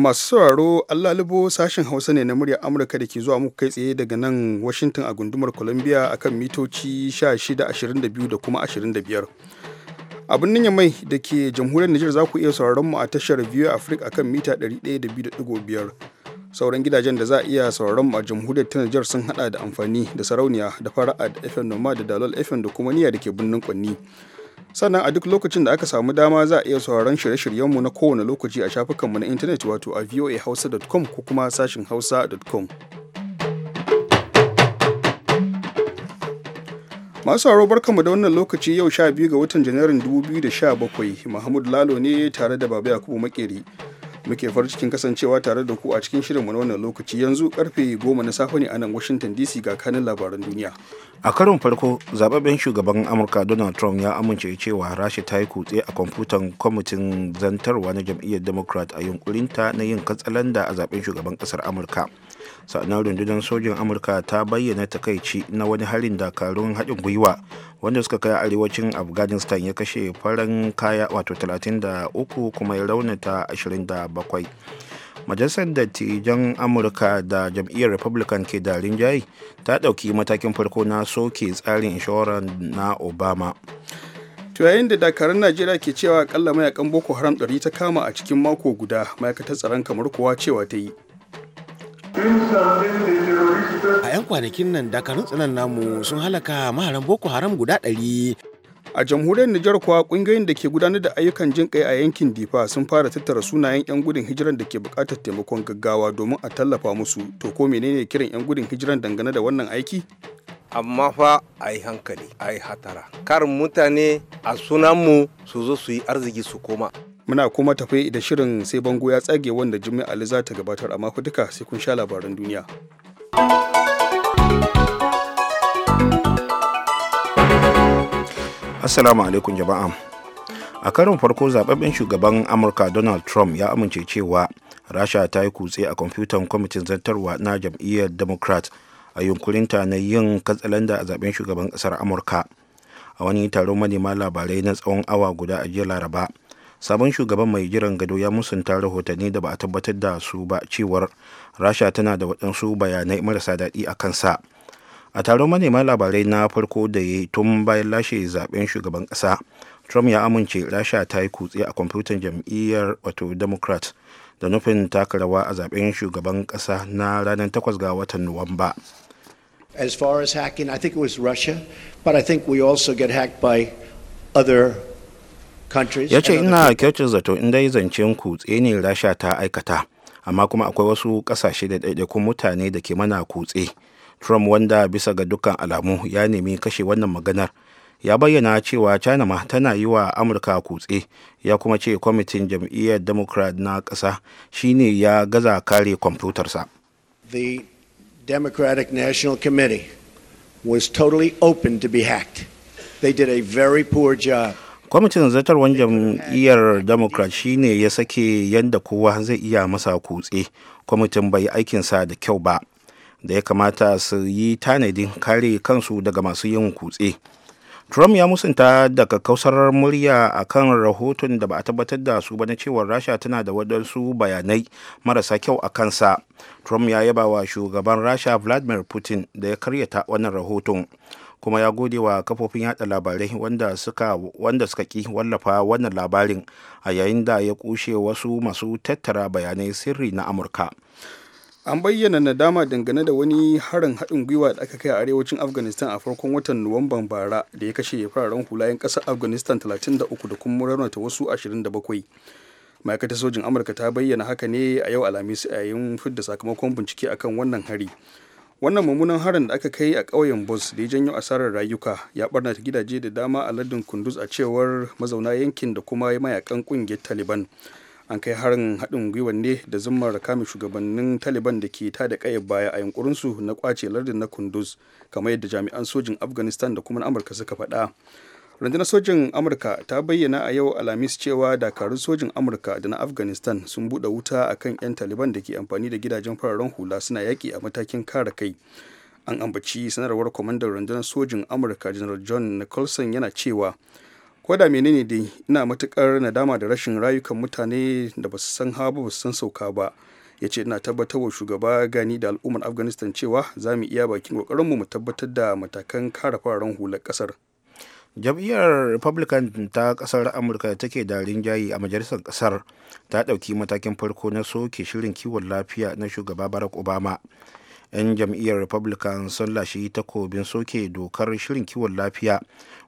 masu sauraro Allah libo sashen Hausa ne na murya Amurka da ke zuwa muku kai tsaye daga nan Washington a gundumar Columbia akan mitoci 1622 da kuma 25. A birnin mai da ke jamhuriyar Nijar za ku iya sauraron mu a tashar View Africa akan mita 102.5. Sauran gidajen da za a iya sauraron mu a jamhuriyar ta Nijar sun hada da amfani da sarauniya da fara'a da FM Noma da Dalol FM da kuma niyya da ke birnin Kwanni. sannan a duk lokacin da aka samu dama za a iya sauraron shirye-shiryenmu na kowane lokaci a shafukanmu na intanet wato a voahausa.com ko kuma sashin hausa.com masu haro barkanmu da wannan lokaci yau 12 ga watan janairun 2017 mahmud lalo ne tare da baba yakubu makeri muke farin cikin kasancewa tare da ku a cikin shirinmu na wannan lokaci yanzu karfe goma na safe ne a nan washington dc ga kanin labaran duniya a karon farko zababben shugaban amurka donald trump ya amince cewa rashi ta yi kutse a kwamfutan kwamitin zantarwa na jam'iyyar democrat a yunkurinta na yin katsalanda a zaben shugaban kasar amurka sa'anar rundunar sojin amurka ta bayyana takaici na wani harin dakarun haɗin gwiwa wanda suka kai arewacin afghanistan ya kashe farin kaya wato 33 kuma ya raunata 27 majalisar dattijan amurka da jam'iyyar republican ke da rinjaye ta ɗauki matakin farko na soke tsarin inshorar na obama to yayin da dakarun najeriya ke cewa akalla mayakan boko haram 100 ta kama a cikin mako guda ma'aikatar tsaron kamar kowa cewa ta yi A 'yan kwanakin nan dakarun tsanan namu sun halaka maharan Boko Haram guda ɗari. A jamhuriyar Nijar kuwa ƙungiyoyin da ke gudanar da ayyukan jin kai a yankin Difa sun fara tattara sunayen 'yan gudun hijiran da ke buƙatar taimakon gaggawa domin a tallafa musu. To ko menene kiran 'yan gudun hijiran dangane da wannan aiki? amma fa a yi hankali a yi hatara kar mutane a sunanmu su zo su yi arziki su koma muna kuma tafi da shirin sai bango ya tsage wanda jimmy ali za ta gabatar a mako duka sai kun sha labaran duniya assalamu alaikum jama'a a karin farko zababben shugaban amurka donald trump ya amince cewa rasha ta yi kutse a kwamfutan kwamitin zartarwa na jam'iyyar democrat a yunkurinta na yin katsalanda a zaben shugaban kasar amurka a wani taron manema labarai na tsawon awa guda a jiya laraba sabon shugaban mai jiran gado ya musanta rahotanni da ba a tabbatar da su ba cewar rasha tana da waɗansu bayanai marasa daɗi a kansa a taron manema labarai na farko da ya yi tun bayan lashe zaben shugaban ƙasa trump ya amince rasha ta yi kutse a kwamfutan jam'iyyar wato democrat da nufin taka rawa a zaben shugaban ƙasa na ranar 8 ga watan nuwamba as far as hacking i think it was russia but i think we also get hacked by other ya ce ina kyautar zato inda yi zancen kutse ne rasha ta aikata amma kuma akwai wasu kasashe da ɗaiɗaikun mutane da ke mana kutse trump wanda bisa ga dukkan alamu ya nemi kashe wannan maganar ya bayyana cewa china ma tana yi wa amurka kutse ya kuma ce kwamitin jam'iyyar democrat na ƙasa shine ya gaza kare kwamfutarsa they did a very poor job kwamitin zartarwar jam'iyyar democrat shine ya sake yadda kowa zai iya masa kutse kwamitin bai aikinsa da kyau ba da ya kamata su yi tanadin kare kansu daga masu yin kutse trump ya musanta daga kausar murya a kan rahoton da ba a tabbatar da su ba na cewar rasha tana da waɗansu bayanai marasa kyau a kansa trump ya yaba wa shugaban rasha vladimir putin da ya karyata wannan rahoton kuma ya gode wa kafofin yada labarai wanda suka wanda suka ki wallafa wannan labarin a yayin da ya kushe wasu masu tattara bayanai sirri na amurka an bayyana nadama dangane da wani harin haɗin gwiwa da aka kai a arewacin afghanistan a farkon watan nuwamban bara da ya kashe fararen hulayen ƙasar afghanistan 33 da kuma raunata wasu 27 ma'aikatar sojin amurka ta bayyana haka ne a yau alhamis a yayin fidda sakamakon bincike akan wannan hari wannan mummunan harin da aka kai a ƙauyen bus da ya janyo asarar rayuka ya barnata gidaje da dama a lardin kunduz a cewar mazauna yankin da kuma mayakan ƙungiyar taliban an kai harin haɗin gwiwa ne da zummar kame shugabannin taliban da ke tada ƙayar baya a yankurinsu na kwace lardin na kunduz kamar yadda jami'an sojin afghanistan da kuma amurka suka faɗa rundunar sojin amurka ta bayyana a yau alhamis cewa dakarun sojin amurka da na afghanistan sun buɗe wuta a kan 'yan taliban da ke amfani da gidajen fararen hula suna yaƙi a matakin kare kai an ambaci sanarwar kwamandan rundunar sojin amurka general john nicholson yana cewa ko da menene dai ina matukar nadama da rashin rayukan mutane da ba su san hawa ba su san sauka ba ya ce ina tabbatar wa shugaba gani da al'ummar afghanistan cewa za mu iya bakin kokarinmu mu tabbatar da matakan kare fararen hular kasar jam'iyyar republican ta kasar amurka da take da rinjaye a majalisar kasar ta ɗauki matakin farko na soke shirin kiwon lafiya na shugaba barack obama 'yan jam'iyyar republican sun lashe takobin soke dokar shirin kiwon lafiya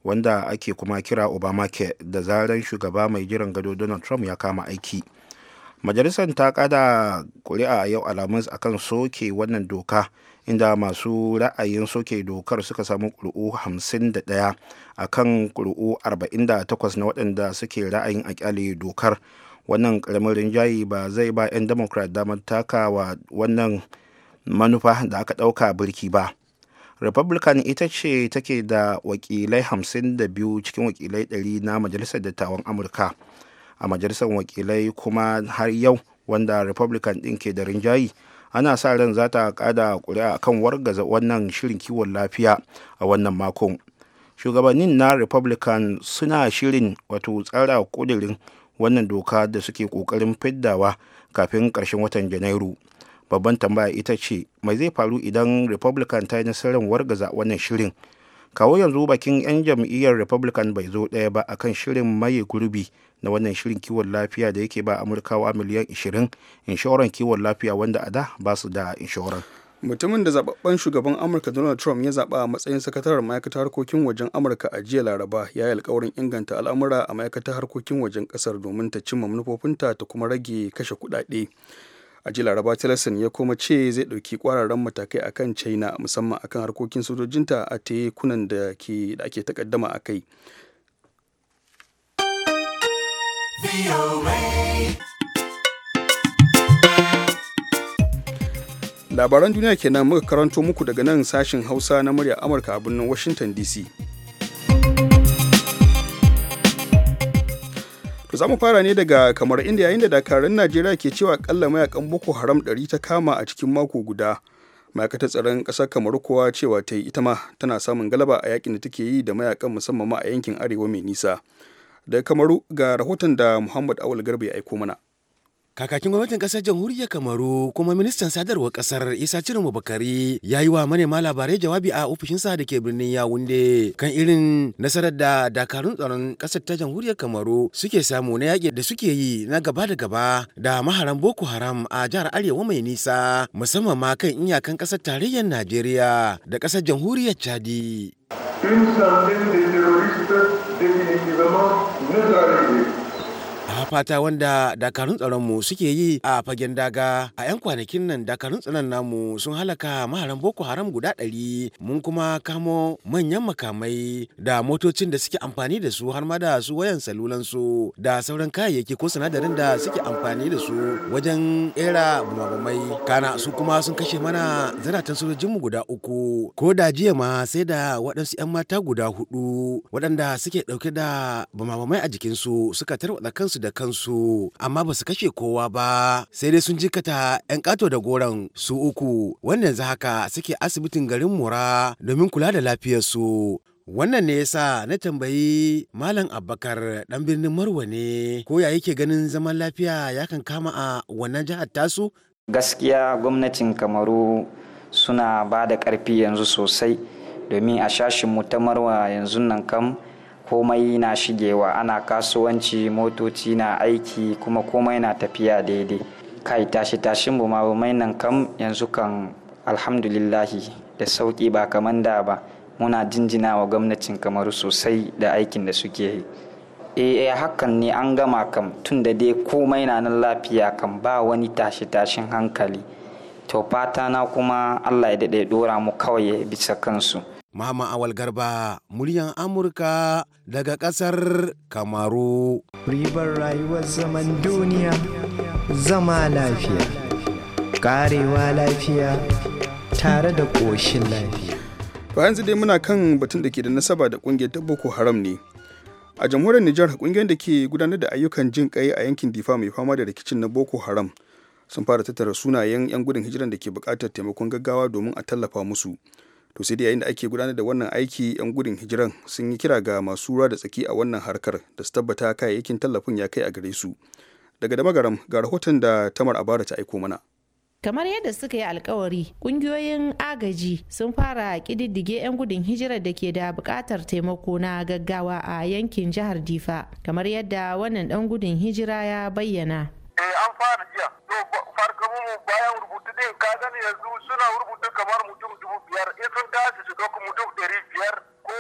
wanda ake kuma kira obama ke da zarar shugaba mai jiran gado donald trump ya kama aiki majalisar ta kada kuri'a yau alhamis akan soke wannan doka inda masu ra'ayin soke dokar suka samu ƙuri'u 51 a kan ƙuri'u 48 na waɗanda suke ra'ayin a ƙyale dokar wannan ƙaramin rinjaye ba zai ba 'yan democrat damar taka wannan manufa da aka ɗauka birki ba republican ita ce take da wakilai 52 cikin wakilai 100 na majalisar dattawan amurka a majalisar wakilai kuma har yau wanda republican ɗin ke da rinjaye ana sa ran za ta kada kuri'a kan wargaza wannan shirin kiwon lafiya a wannan makon shugabannin na republican suna shirin wato tsara kudirin wannan doka da suke kokarin fiddawa kafin karshen watan janairu babban tambaya ita ce mai zai faru idan republican ta yi nasarar wargaza wannan shirin kawo yanzu bakin 'yan jam'iyyar republican bai zo ɗaya ba akan shirin maye gurbi na wannan shirin kiwon lafiya da yake ba amurkawa miliyan 20 inshoran kiwon lafiya wanda a da ba su da inshoran mutumin da zababben shugaban amurka donald trump ya zaba a matsayin sakataren ma'aikatar harkokin wajen amurka a jiya laraba ya yi alkawarin inganta al'amura a ma'aikatar harkokin wajen kasar domin ta cimma manufofinta ta kuma rage kashe kuɗaɗe a ji laraba tillerson ya kuma ce zai dauki kwararren matakai akan china musamman akan harkokin sojojinta a tekunan da ake takaddama a kai labaran duniya kenan muka karanto muku daga nan sashin hausa na murya amurka a birnin washington dc za mu fara ne daga kamar inda yayin da dakarun najeriya ke cewa kalla mayakan boko haram 100 ta kama a cikin mako guda ma'aikatar tsaron ƙasar kamar kowa cewa ta yi ita ma tana samun galaba a yakin da take yi da mayakan musamman ma a yankin arewa mai nisa da kamaru ga rahoton da muhammad awal garba ya aiko mana Kakakin gwamnatin kasar jamhuriyar Kamaru kuma ministan sadarwar kasar Isa cirin Bakari ya yi wa manema labarai jawabi a ofishinsa da ke birnin Yawunde kan irin nasarar da dakarun tsaron kasar ta jamhuriyar Kamaru suke samu na yaƙi da suke yi na gaba da gaba da maharan Boko Haram a jihar Arewa mai nisa musamman ma kan iyakan kasar tarayyar Najeriya da kasar jamhuriyar Chadi. fata wanda dakarun tsaronmu suke yi a fagen daga a 'yan kwanakin nan dakarun tsaron namu sun halaka maharan boko haram guda ɗari mun kuma kamo manyan makamai da motocin da suke amfani da su har ma da su wayan salulan su da sauran kayayyaki ko sinadarin da suke amfani da su wajen era bumabumai kana su kuma sun kashe mana zanatan sojojinmu guda uku ko da jiya ma sai da waɗansu 'yan mata guda hudu waɗanda suke ɗauke da bumabumai a jikinsu suka tarwatsa kansu da kansu kansu amma ba su kashe kowa ba sai dai sun jikata 'yan kato da goron su uku wanda yanzu haka suke asibitin garin mura domin kula da lafiyarsu wannan ne yasa na tambayi malam abakar dan birnin marwa ne ko ya yake ganin zaman lafiya ya kan kama a wannan jihar tasu gaskiya gwamnatin kamaru suna ba da karfi yanzu sosai domin a shashin mu ta marwa yanzu nan kam komai na shigewa ana kasuwanci motoci na aiki kuma komai na tafiya daidai kai tashi tashin mai nan kam yanzu kan alhamdulillahi da sauki ba kaman da ba muna jinjina wa gwamnatin kamar sosai da aikin da suke yi e hakan ne an gama kam tun da dai komai na nan lafiya kan ba wani tashi tashin hankali to fata na kuma allah ya daɗe ɗora mu kawai bisa kansu Mama Awal Garba, muryan Amurka daga ƙasar Kamaru. Ribar rayuwar zaman duniya, zama lafiya, ƙarewa lafiya, tare da ƙoshin lafiya. Bayan dai muna kan batun da ke da nasaba da ƙungiyar ta Boko Haram ne. A jamhuriyar Nijar, ƙungiyar da ke gudanar da ayyukan jin ƙai a yankin Difa mai fama da rikicin na Boko Haram sun fara tattara sunayen 'yan gudun hijiran da ke buƙatar taimakon gaggawa domin a tallafa musu. to sai dai yayin da ake gudanar da wannan aiki 'yan gudun hijiran sun yi kira ga masu ruwa da tsaki a wannan harkar da su tabbata kayayyakin tallafin ya kai a gare su daga da magaram ga rahoton da tamar abara ta aiko mana kamar yadda suka yi alkawari kungiyoyin agaji sun fara kididdige 'yan gudun hijirar da ke da bukatar taimako na gaggawa a yankin jihar difa kamar yadda wannan dan gudun hijira ya bayyana eh, an fara jiya mu bayan rubutu din ka gani yanzu suna rubutu kamar mutum dubu biyar in sun tashi su ɗauki mutum ɗari biyar ko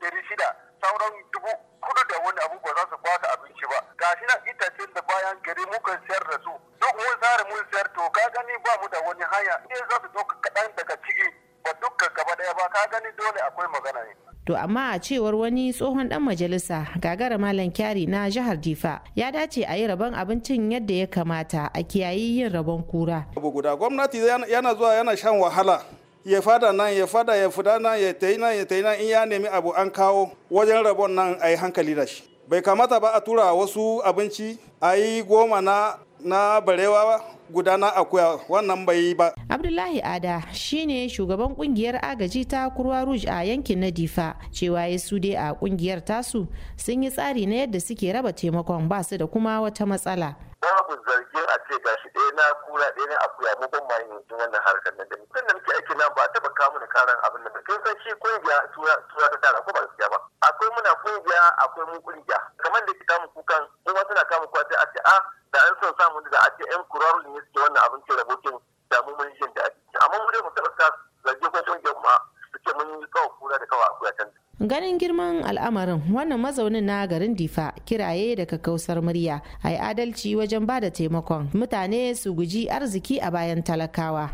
ɗari shida sauran dubu kudu da wani abu ba za su kwasa abinci ba ga shi nan ce da bayan gari muka siyar da su duk mun tsari mun siyar to ka gani ba mu da wani hanya in za su kaɗan daga ciki ba dukkan gaba ɗaya ba ka gani dole akwai magana ne. to amma a cewar wani tsohon dan majalisa gagara malam kyari na jihar difa ya dace a yi rabon abincin yadda ya kamata a kiyayi yin rabon kura abu guda gwamnati yana zuwa yana shan wahala ya fada nan ya fada ya fuda nan ya tayi nan ya tayi nan in ya nemi abu an kawo wajen rabon nan a yi hankali da shi bai kamata ba a tura wasu abinci a yi goma na na barewa guda akuya wannan bai yi ba. Abdullahi Ada shi ne shugaban kungiyar agaji ta Kurwa Rouge a yankin na Difa cewa ya su dai a kungiyar tasu sun yi tsari na yadda suke raba taimakon basu da kuma wata matsala. babu zargin a ce gashi ɗaya na kura ɗaya na akuya mu ban ma yanzu wannan harkar nan da mu kan da muke aiki na ba taɓa kawo mana karan abin nan kin san shi kungiya tura tura ta tara ko ba gaskiya ba akwai muna kungiya akwai mu kungiya kamar da ke kama kukan kuma wasu na kuwa sai a ce a ah, da an son samu da a ce yan kurarun ne suke wannan abin ce rabokin da mu mun jin daɗi amma mu dai mu taɓa zargi ko kungiya kuma suke mun yi kawo kura da kawo akuya can ganin girman al'amarin wannan mazaunin na garin difa kiraye daga kausar murya a yi adalci wajen ba da taimakon mutane su guji arziki a bayan talakawa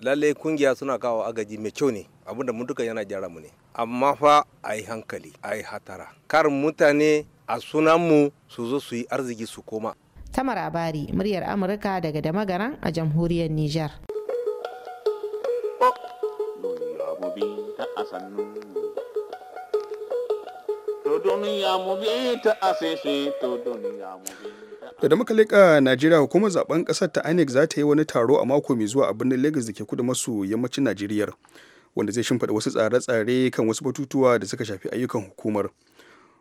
lalle kungiya suna kawo agaji mai kyau ne abinda mun duka yana gyara mu ne amma fa a yi hankali a yi hatara kar mutane a sunanmu su zo su yi arziki su koma tamar abari muryar amurka daga damagaran a jamhuriyar Nijar. mu bi a to da da muka leƙa najeriya hukumar zaben ƙasar ta inec za ta yi wani taro a mako mai zuwa a birnin lagos da ke kudu maso yammacin najeriya wanda zai shimfiɗa wasu tsare-tsare kan wasu batutuwa da suka shafi ayyukan hukumar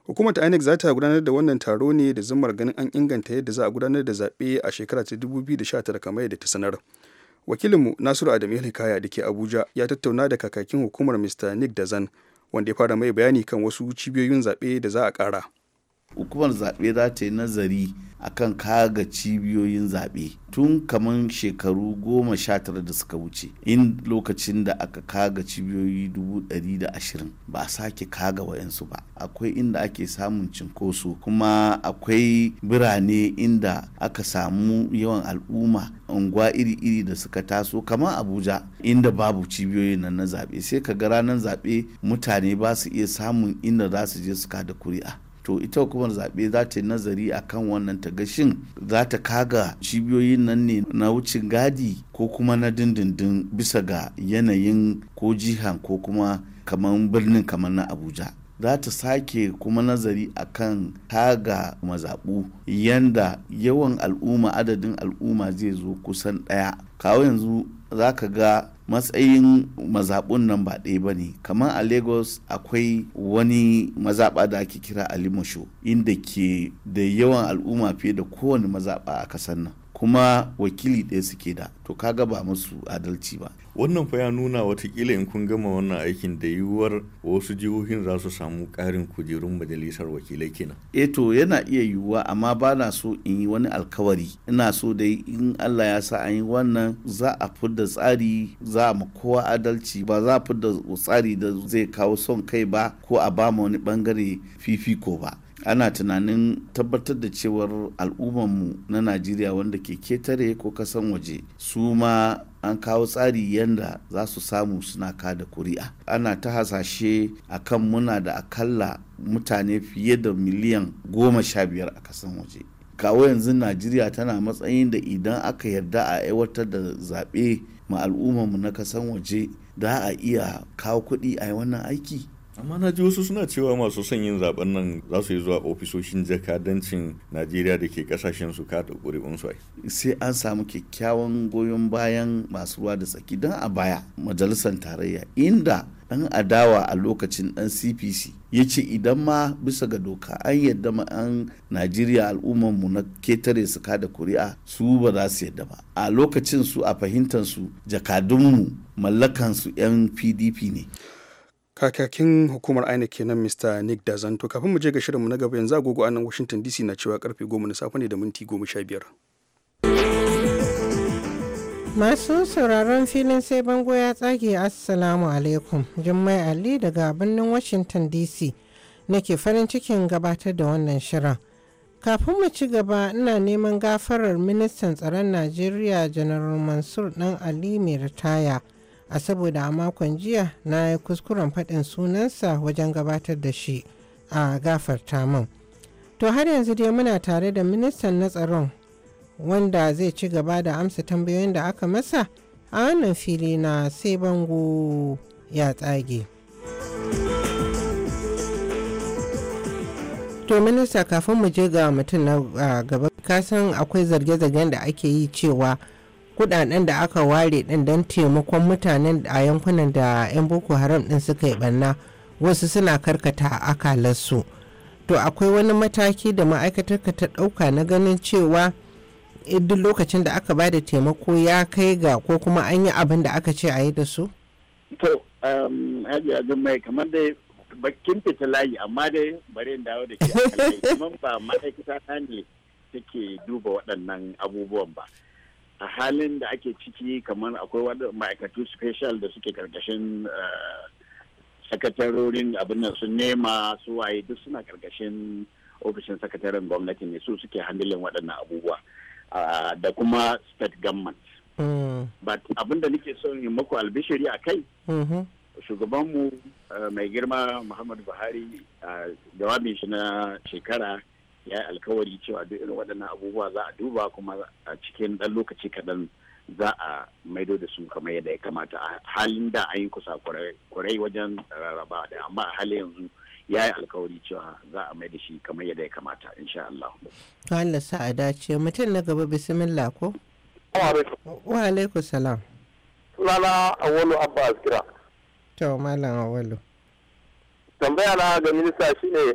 hukumar ta inec za ta gudanar da wannan taro ne da zumar ganin an inganta yadda za a gudanar da zaɓe a shekara ta 2019 kamar yadda ta sanar wakilinmu nasiru adamu adam hikaya da ke abuja ya tattauna da kakakin hukumar mr nick dazan wanda ya fara mai bayani kan wasu cibiyoyin zaɓe da za a ƙara hukumar zaɓe za ta yi nazari a kan kaga cibiyoyin zaɓe tun kamar shekaru goma sha tara da suka wuce in lokacin da aka kaga cibiyoyi dubu ɗari da ashirin ba a sake kaga wayansu ba akwai inda ake samun cinkoso kuma akwai birane inda aka samu yawan al'umma unguwa iri-iri da suka taso kamar abuja inda babu cibiyoyin nan na zaɓe sai ka ga ranar zaɓe mutane ba su iya samun inda za su je su kada kuri'a to ita kuma zaɓe za ta yi nazari a kan wannan ta shin za ta kaga cibiyoyin nan ne na wucin gadi ko kuma na dindindin bisa ga yanayin ko jihan ko kuma kamar birnin kamar na abuja za ta sake kuma nazari a kan taga mazaɓu yanda yawan al'umma adadin al'umma zai zo kusan ɗaya kawo yanzu za ka ga matsayin mazaɓun nan ba ɗaya ba ne kamar a lagos akwai wani mazaɓa da ake kira alimusho inda ke da yawan al'umma fiye da kowane mazaɓa a ƙasar nan kuma wakili ɗaya suke da to kaga ba musu adalci ba wannan fa ya nuna watakila in kun gama wannan aikin da yiwuwar wasu jihohin za su samu ƙarin kujerun majalisar wakilai kenan eh to yana iya yiwuwa amma ba na so in yi wani alkawari ina so dai in Allah ya sa an yi wannan za a fidda tsari za mu kowa adalci ba za a fidda tsari da zai kawo son kai ba ko a ba wani bangare fifiko ba ana tunanin tabbatar da cewar al'ummanmu na najeriya wanda ke ketare ko kasan waje su ma an kawo tsari yadda za su samu suna kada kuri'a ana ta hasashe a kan muna da akalla mutane fiye da miliyan goma sha biyar a kasan waje kawo yanzu najeriya tana matsayin da idan aka yarda a aiwatar da zaɓe ma al'ummarmu na kasan waje da a iya kawo kuɗi a wannan aiki amma na ji wasu suna cewa masu son yin zaben nan za su yi zuwa ofisoshin jakadancin najeriya da ke kasashen su kada ƙuri'un su sai an samu kyakkyawan goyon bayan masu ruwa da tsaki don a baya majalisar tarayya inda dan adawa a lokacin dan cpc ya ce idan ma bisa ga doka an yadda ma an najeriya al'ummarmu na ketare su kada kuri'a su ba za su yadda ba a lokacin su a fahimtar su jakadunmu mallakansu yan pdp ne kakakin hukumar aina kenan mr nick dazanto kafin mu je ga shirinmu na gaba yanzu agogo a nan washington dc na cewa karfe goma na safe ne da minti goma sha masu sauraron filin sai bango ya tsage assalamu alaikum jummai ali daga birnin washington dc nake farin cikin gabatar da wannan shirin kafin mu ci gaba ina neman gafarar ministan tsaron najeriya janar mansur dan ali mai ritaya a saboda a makon jiya na yi kuskuren faɗin sunansa wajen gabatar da shi a gafarta min to har yanzu dai muna tare da ministan na tsaron wanda zai ci gaba da amsa tambayoyin da aka masa a wannan fili na sai bango ya tsage to minista kafin mu je ga mutum na gaba kasan akwai zarge-zargen da ake yi cewa kudaden da aka ware din don taimakon mutanen a yankunan da 'yan boko haram din suka yi banna wasu suna karkata akalarsu to akwai wani mataki da ma'aikatarka ta dauka na ganin cewa eh, duk lokacin da aka bada taimako ya kai ga ko kuma an yi abin da aka ce a yi da su? to um, mai kamar dai bakin fita layi amma dai in dawo da ke a ba ma'aikata ne take duba waɗannan abubuwan ba a halin da ake ciki kamar akwai wadda ma'aikatu special da suke karkashin eh, sakatarorin abin sun nema su waye duk suna karkashin ofishin sakataren gwamnati ne su suke handilin waɗannan abubuwa ah, da kuma state government mm. but abin da nake son yi maku albishiri a kai mm-hmm. shugabanmu eh, mai girma muhammadu buhari ah, jawabin shi na shekara ya yi alkawari cewa duk irin waɗannan abubuwa za a duba kuma a cikin ɗan lokaci kaɗan za a maido da su kamar yadda ya kamata a halin da an yi kusa kurai wajen rarraba da amma a halin yanzu ya yi alkawari cewa za a maida shi kamar yadda ya kamata insha Allah. Allah sa a dace mutum na gaba bismillah ko? Wa alaikum salam. Sunana Awolu Abba Askira. To Malam Awolu. Tambaya na ga minista shine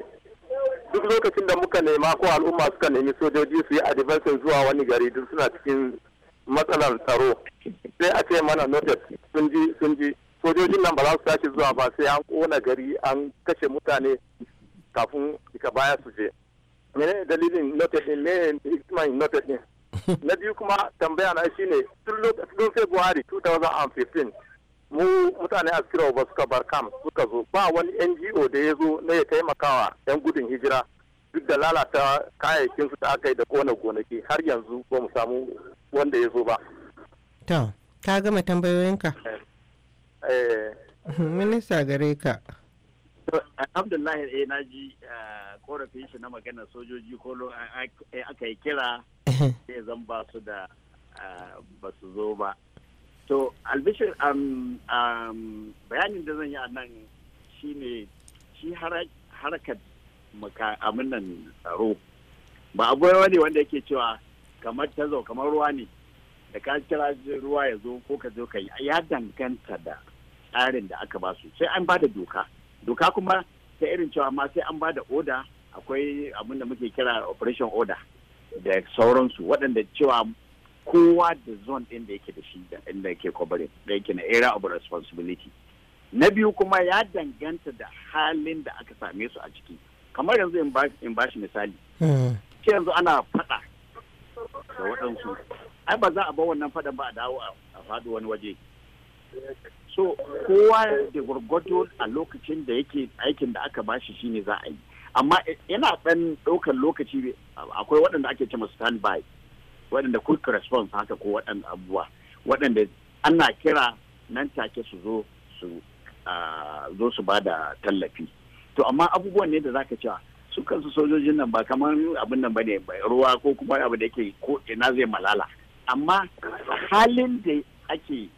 duk lokacin da muka nema ko al'umma suka nemi sojoji su yi advancing zuwa wani gari duk suna cikin matsalar tsaro sai a ce mana noted sun ji sun ji sojojin nan ba za su tashi zuwa ba sai an kona gari an kashe mutane kafin daga baya su je mene dalilin noted din ne hikiman noted din na biyu kuma tambaya na shine tun Buhari 2015 mu mutane askira ba suka bar kam suka zo ba wani ngo da ya zo na ya taimakawa yan gudun hijira duk da lalata kayayyakin su da aka yi da kona gonaki har yanzu ba mu samu wanda ya zo ba to ka gama tambayoyinka eh, eh. Mhm, minista gare ka alhamdulillah eh na ji eh, korafin shi na maganar sojoji ko aka yi kira mhm. zan ba su da ba su zo ba to albishir bayanin da zan yi a nan ne shi harakar amin nan tsaro ba abu wani wanda yake cewa kamar tazo kamar ruwa ne da ka kira ruwa ya zo ko ka zo ka yi ya danganta da tsarin da aka ba su sai an ba da doka doka kuma ta irin cewa ma sai an ba da oda akwai abin da muke kira operation order da sauransu waɗanda cewa kowa da Zon ɗin da yake da shi da inda yake kwabarin da yake na area of responsibility na biyu kuma ya danganta da halin da aka same su a ciki kamar yanzu in ba shi misali ke hmm. yanzu ana faɗa da waɗansu ai ba za a ba wannan faɗan ba a dawo a faɗi wani waje so kowa da gwargwado a lokacin da yake aikin da aka bashi shine za a yi amma yana ɗan ɗaukar lokaci akwai waɗanda ake ce masu stand by waɗanda quick response haka ko waɗanda abubuwa waɗanda ana kira nan take su zo su zo su ba da tallafi to amma abubuwan ne da za ka cewa su kansu sojojin nan ba kamar abin nan ba ne ruwa ko kuma abu da yake ko ina zai malala amma halin da ake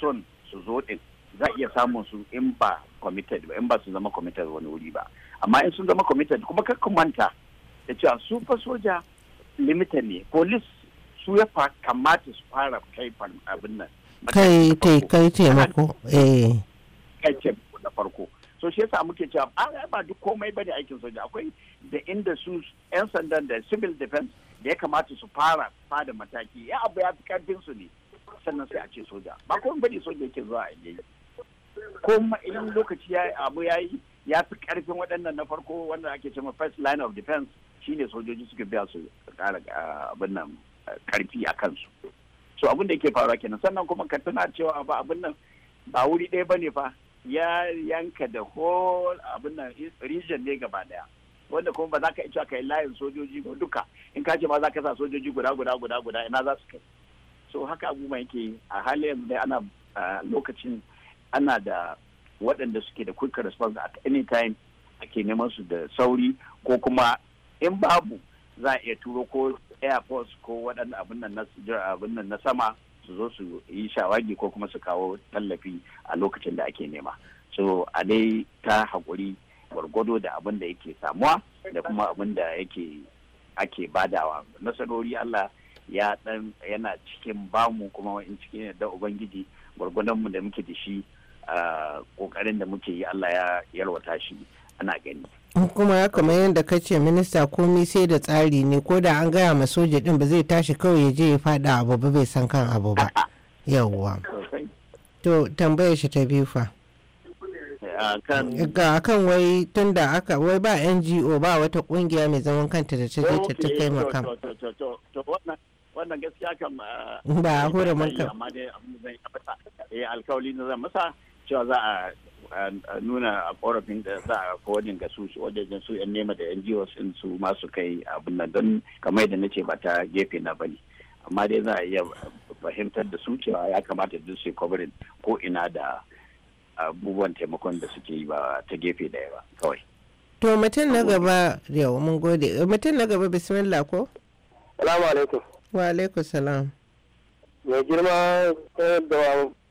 son su zo din za a iya samun su in ba committed ba in ba su zama committed wani wuri ba amma in sun zama committed kuma kakkun manta da cewa su fa soja limited ne police su ya kamata su fara kai abin nan kai kai kai taimako eh kai taimako da farko so shi yasa muke cewa ba duk komai bane aikin soja akwai da inda su yan sandan da civil defense da ya kamata su fara fada mataki ya abu ya fi karfin su ne sannan sai a ce soja ba komai bane soja yake zuwa a yi kuma idan lokaci ya abu ya yi ya fi karfin waɗannan na farko wanda ake cewa first line of defense shine sojoji suke biya su kara abin nan karfi a kansu so abin da yake faruwa kenan sannan kuma ka tuna cewa ba abin nan ba wuri ɗaya ba ne fa ya yanka da whole abin nan region ne gaba daya wanda kuma ba za ka iya kai layin sojoji ba duka in ka ce ma za ka sa sojoji guda guda guda guda ina za su kai so haka abubuwa yake a halin yanzu dai ana lokacin ana da waɗanda suke da quick response at any time ake neman su da sauri ko kuma in babu za a iya turo ko air force ko waɗanda abin nan na sama su zo su yi shawagi ko kuma su kawo tallafi a lokacin da ake nema so a dai ta haƙuri gwargwado da abin da yake samuwa da kuma abin da yake ake badawa nasarori Allah ya dan yana cikin bamu kuma in cikin da ubangiji gwargwadonmu da muke da shi kokarin ah, da muke yi Allah ya yarwata shi ana gani kuma kama yadda ka ce minista komi sai da tsari ne ko da an gaya ma soja din ba zai tashi kawai ya je ya fada abu ba bai san kan abu ba yawwa to tambayar shi ta biyu fa ga kan wai tun da aka wai ba ngo ba wata kungiya mai zaman kanta da ta je ta ta kai makam wannan gaskiya ba hura mun amma dai eh, alkawali na zan masa cewa za a nuna a korafin da za a kowane ga su wajen su yan nema da yan jiwa sun su masu kai abin nan don kamar yadda nace ba ta gefe na ba ne amma dai za a iya fahimtar da su cewa ya kamata duk su covering ko ina da abubuwan taimakon da suke yi ba ta gefe daya ba kawai to mutum na gaba yau mun gode mutum na gaba bismillah ko salamu alaikum wa alaikum salam mai girma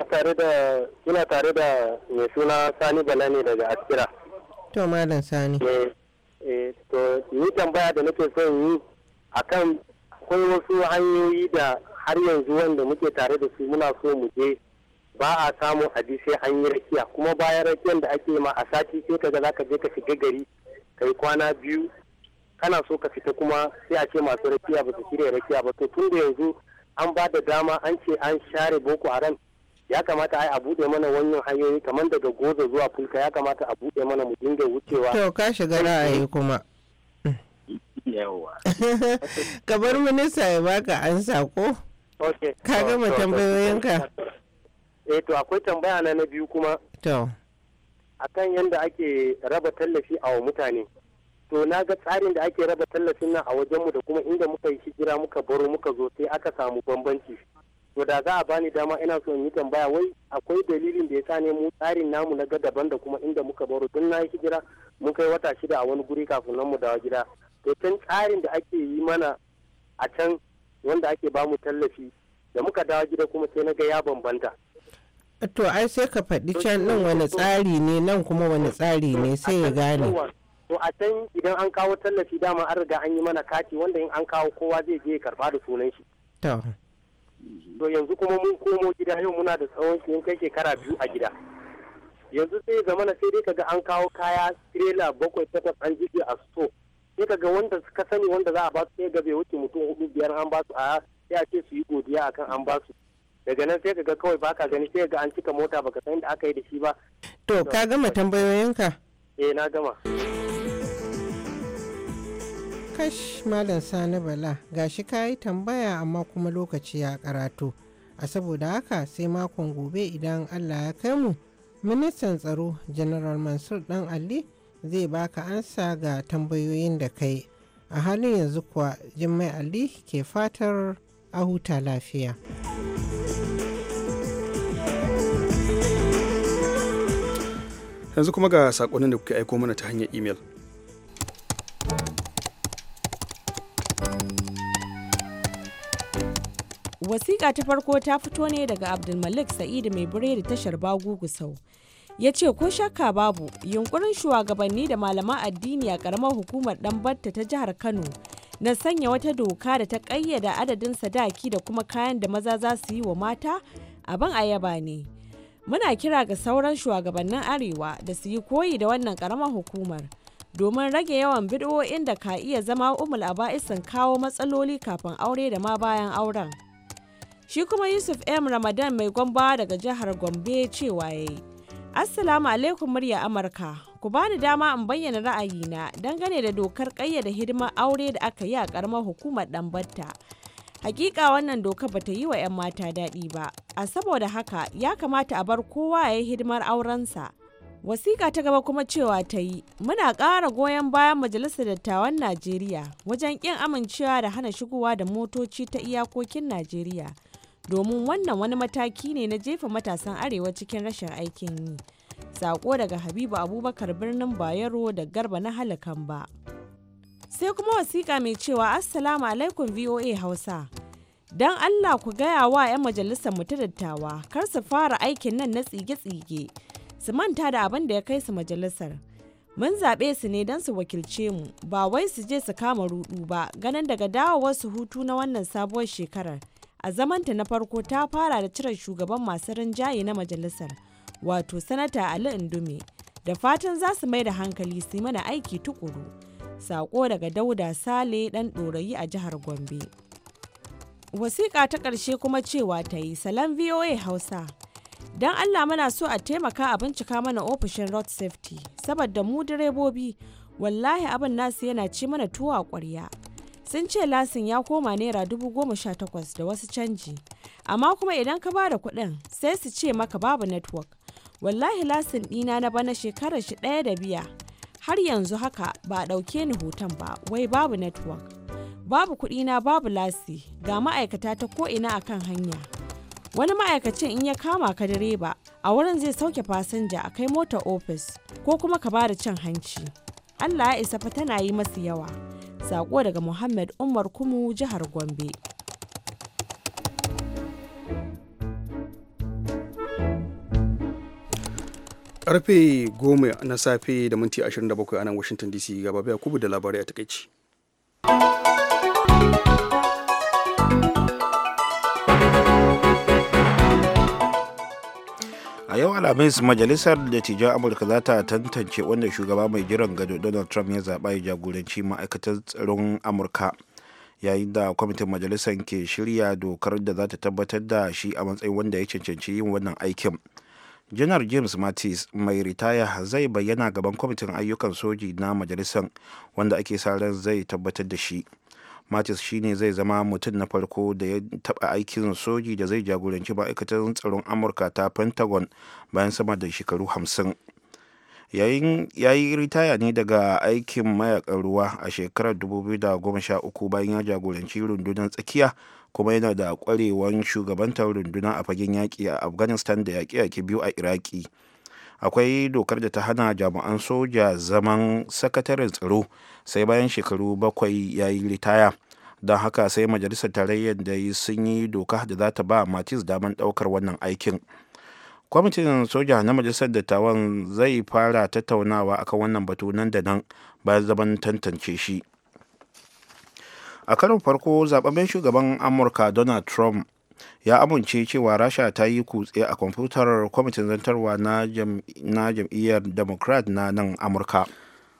tare da suna tare da mai suna sani bala ne daga askira to malam sani eh, eh, to ni tambaya da nake son yi akan akwai wasu hanyoyi da har yanzu wanda muke tare da su muna so mu je ba a samu abi sai an yi rakiya kuma bayan rakiyan da ake ma a sati sai kaga zaka je ka shiga gari kai kwana biyu kana so ka fita kuma sai a ce masu rakiya ba su shirya rakiya ba to tun da yanzu an ba da dama an ce an share boko haram ya kamata ai a bude mana wannan hanyoyi kamar daga goza zuwa fulka ya kamata a bude mana mu dinga wucewa to ka shiga ra'ayi kuma ka kamar minista ya baka ansa ko ka gama tambayoyinka eh to akwai tambaya na na biyu kuma to akan yadda ake raba tallafi a wa mutane to na ga tsarin da ake raba tallafin nan a wajenmu da kuma inda muka yi hijira muka baro muka zo sai aka samu bambanci to da za a bani dama ina so in yi tambaya wai akwai dalilin da ya sa ne mu tsarin namu na ga daban da kuma inda muka baro don na yi hijira mun kai wata shida a wani guri kafin nan mu dawo gida to can tsarin da ake yi mana a can wanda ake bamu tallafi da muka dawo gida kuma sai na ga ya bambanta to ai sai ka faɗi can nan wani tsari ne nan kuma wani tsari ne sai ya gane to a can idan an kawo tallafi dama an riga an yi mana kati wanda in an kawo kowa zai je karba da sunan shi to yanzu kuma mun komo gida yau muna da tsawon shi kai shekara biyu a gida yanzu sai na sai dai kaga an kawo kaya tirela bakwai takwas an jike a sto sai kaga wanda suka sani wanda za a ba su sai ga bai wuce mutum hudu biyar an ba su a sai a ce su yi godiya akan an ba su daga nan sai kaga kawai baka gani sai ga an cika mota baka san da aka yi da shi ba to ka gama tambayoyinka eh na gama kash malam sani bala gashi ka yi tambaya amma kuma lokaci ya karatu a saboda haka sai makon gobe idan allah ya kai mu ministan tsaro general mansur dan ali zai baka ansa ga tambayoyin da kai a halin yanzu kuwa jimmai ali ke fatar a huta lafiya yanzu kuma ga saƙonin da kuke aiko mana ta hanyar imel. Wasiƙa ta farko ta fito ne daga Abdulmalik Sa'idu mai biredi tashar Bagu Gusau. ya ce ko shakka babu yunkurin shugabanni da malaman addini a karamar hukumar batta ta jihar kano na sanya wata doka da ta ƙayyada adadin sadaki da kuma kayan da maza za su yi wa mata abin ayaba ne muna kira ga sauran shugabannin arewa da su yi koyi da wannan karamar hukumar domin rage yawan bid'o'in da ka iya zama umul a aba'isin kawo matsaloli kafin aure da ma bayan auren. Shi kuma Yusuf M. Ramadan mai gwamba daga jihar Gombe cewa ya yi. Assalamu alaikum murya Amurka. Ku bani dama in bayyana ra'ayina dangane da dokar ƙayyade hidimar aure da aka yi a ƙaramar hukumar Ɗanbatta. Hakika wannan doka bata yi wa 'yan mata daɗi ba, a saboda haka ya kamata a bar kowa ya yi hidimar aurensa. Wasiƙa ta gaba kuma cewa ta yi, muna ƙara goyon bayan Majalisar Dattawan Najeriya wajen ƙin amincewa da hana shigowa da motoci ta iyakokin Najeriya. domin wannan wani mataki ne na jefa matasan arewa cikin rashin aikin yi sako daga habibu abubakar birnin bayero da garba na halakan ba sai kuma wasiƙa mai cewa assalamu alaikum voa hausa don allah ku gaya wa 'yan majalisar mu ta dattawa kar su fara aikin nan na tsige-tsige su manta da abin da ya kai su majalisar mun zaɓe su ne don su wakilce mu ba wai su je su kama rudu ba ganin daga su hutu na wannan sabuwar shekarar a zamanta na farko ta fara da cire shugaban masu rinjaye na majalisar wato sanata ali indume da fatan za su mai da hankali su mana aiki tukuru sako daga dauda sale dan dorayi a jihar gombe wasiƙa ta ƙarshe kuma cewa ta yi salon voa hausa don allah muna so a taimaka a bincika mana ofishin road safety saboda mu direbobi wallahi abin nasu yana ci mana tuwa ƙwarya sun ce lasin ya koma naira dubu goma sha takwas da wasu canji amma kuma idan ka bada kuɗin sai su ce maka babu network wallahi lasin ɗina na bana shekarar shi ɗaya da biya har yanzu haka ba a ɗauke ni hoton ba wai babu network babu kuɗina babu lasi ga ma'aikata ta ko ina akan hanya wani ma'aikacin in ya kama ka direba a wurin zai sauke fasinja a kai motar ofis ko kuma ka bada cin hanci allah ya isa fa tana yi masu yawa Sako daga Muhammad Umar Kumu jihar Gombe. Karfe goma na safe da minti 27 a nan Washington DC gaba kubu da labarai a takaici. a yau alhamis majalisar dattijan amurka za ta tantance wanda shugaba mai jiran gado donald trump ya zaɓa ya jagoranci ma'aikatar tsaron amurka yayin da kwamitin majalisar ke shirya dokar da za ta tabbatar da shi a matsayin wanda ya cancanci yin wannan aikin janar james mattis mai ritaya zai bayyana gaban kwamitin ayyukan soji na majalisar wanda ake sa ran zai tabbatar da shi matis shine zai zama mutum na farko da ya taɓa aikin soji da zai jagoranci ma'aikatar tsaron amurka ta pentagon bayan sama da shekaru hamsin ya yi ritaya ne daga aikin mayakan ruwa a shekarar 2013 bayan ya jagoranci rundunar tsakiya kuma yana da kwarewan shugabantar runduna a fagen yaƙi a afghanistan da yaƙe yaƙi biyu a iraki akwai dokar da ta hana jami'an soja zaman sakataren tsaro sai bayan shekaru bakwai ya yi ritaya don haka sai majalisar tarayyar da sun yi doka da za ta ba matis daman daukar wannan aikin kwamitin soja na majalisar dattawan zai fara tattaunawa akan wannan batu nan da nan bayan zaman tantance shi a karin farko zababben shugaban amurka donald trump ya amince cewa rasha ta yi kutse a kwamfutar kwamitin zantarwa na jam'iyyar democrat na nan amurka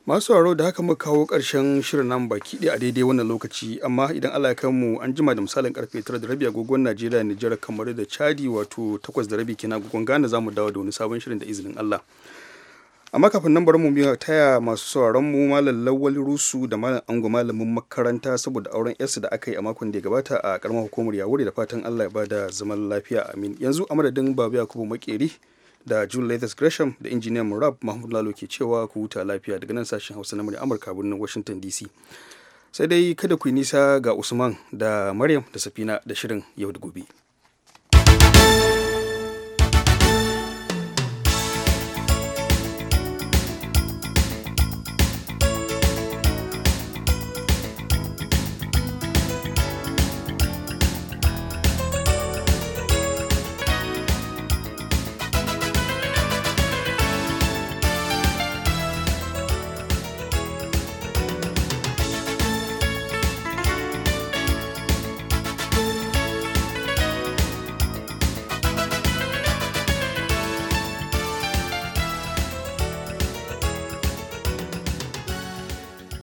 masu sauraro da haka muka kawo karshen shirin nan baki ɗaya a daidai wannan lokaci amma idan allah ya mu an jima da misalin karfe tara da rabi agogon najeriya nijar kamar da chadi wato takwas da rabi kenan agogon ghana za mu dawo da wani sabon shirin da izinin allah amma kafin nan bari mu biya taya masu sauraron mu malam lawal rusu da malam ango malamin makaranta saboda auren yarsu da aka yi a makon da ya gabata a karamar hukumar wuri da fatan allah ya bada zaman lafiya amin yanzu a madadin babu yakubu makeri da june lathis gresham da injiniyan murab mahmud lalo ke cewa ku huta lafiya daga nan sashen hausa na murya amurka birnin washington dc sai dai kada ku yi nisa ga usman da maryam da safina da shirin yau da gobe